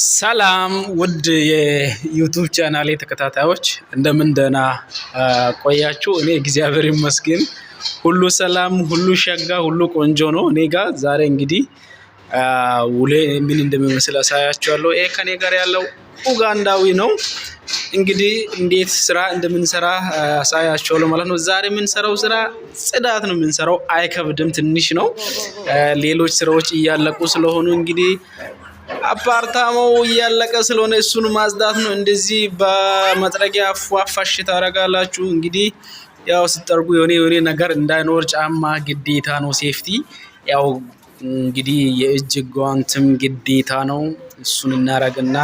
ሰላም ውድ የዩቱብ ቻናሌ ተከታታዮች እንደምን ደህና ቆያችሁ? እኔ እግዚአብሔር ይመስገን ሁሉ ሰላም፣ ሁሉ ሸጋ፣ ሁሉ ቆንጆ ነው። እኔ ጋር ዛሬ እንግዲህ ውሌ ምን እንደሚመስል አሳያችኋለሁ። ይሄ ከኔ ጋር ያለው ኡጋንዳዊ ነው። እንግዲህ እንዴት ስራ እንደምንሰራ አሳያችኋለሁ ማለት ነው። ዛሬ የምንሰራው ስራ ጽዳት ነው የምንሰራው። አይከብድም፣ ትንሽ ነው። ሌሎች ስራዎች እያለቁ ስለሆኑ እንግዲህ አፓርታማው እያለቀ ስለሆነ እሱን ማጽዳት ነው። እንደዚህ በመጥረጊያ ፏፋሽ ታደርጋላችሁ። እንግዲህ ያው ስጠርጉ የሆነ የሆነ ነገር እንዳይኖር ጫማ ግዴታ ነው። ሴፍቲ ያው እንግዲህ የእጅ ጓንትም ግዴታ ነው። እሱን እናረግና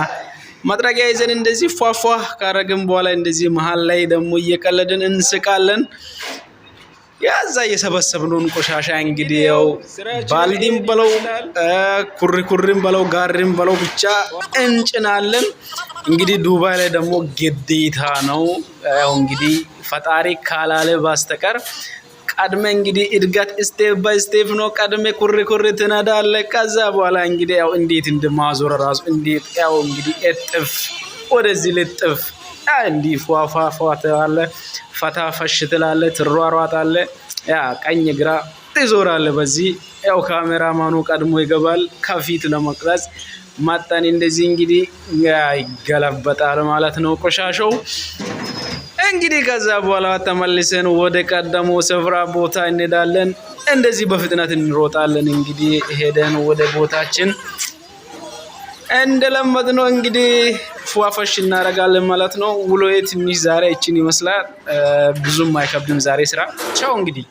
መጥረጊያ ይዘን እንደዚህ ፏፏ ካረግን በኋላ እንደዚህ መሀል ላይ ደግሞ እየቀለድን እንስቃለን። ያዛ እየሰበሰብነውን ቆሻሻ እንግዲህ ያው ባልዲም በለው ኩሪ ኩሪም በለው ጋሪም በለው ብቻ እንጭናለን። እንግዲህ ዱባይ ላይ ደግሞ ግዴታ ነው። ያው እንግዲህ ፈጣሪ ካላለ በስተቀር ቀድሜ እንግዲህ እድገት ስቴፕ ባይ ስቴፕ ነው። ቀድሜ ኩሪ ኩሪ ትነዳለ። ከዛ በኋላ እንግዲህ ያው እንዴት እንደማዞረ ራሱ እንዴት ያው እንግዲህ እጥፍ ወደዚህ ልጥፍ እንዲህ ፏፏፏ ትላለህ። ፈታ ፈሽ ትላለህ፣ ትሯሯጣለህ፣ ያ ቀኝ ግራ ትዞራለ። በዚህ ያው ካሜራማኑ ቀድሞ ይገባል ከፊት ለመቅረጽ መጠን እንደዚህ እንግዲህ ይገለበጣል ማለት ነው ቆሻሻው። እንግዲህ ከዛ በኋላ ተመልሰን ወደ ቀደሞ ስፍራ ቦታ እንሄዳለን። እንደዚህ በፍጥነት እንሮጣለን። እንግዲህ ሄደን ወደ ቦታችን እንደለመድ ነው እንግዲህ ፏፈሽ እናደርጋለን ማለት ነው። ውሎዬ ትንሽ ዛሬ ይችን ይመስላል። ብዙም አይከብድም ዛሬ ስራ። ቻው እንግዲህ